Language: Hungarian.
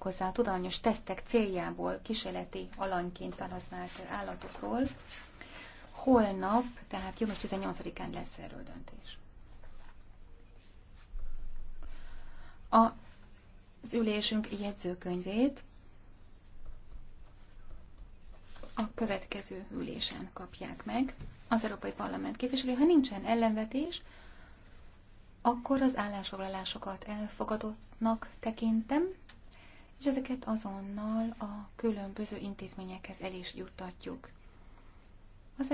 hozzá tudományos tesztek céljából kísérleti alanyként felhasznált állatokról. Holnap, tehát június 18-án lesz erről döntés. A, az ülésünk jegyzőkönyvét a következő ülésen kapják meg az Európai Parlament képviselői. Ha nincsen ellenvetés, akkor az állásfoglalásokat elfogadottnak tekintem, és ezeket azonnal a különböző intézményekhez el is juttatjuk.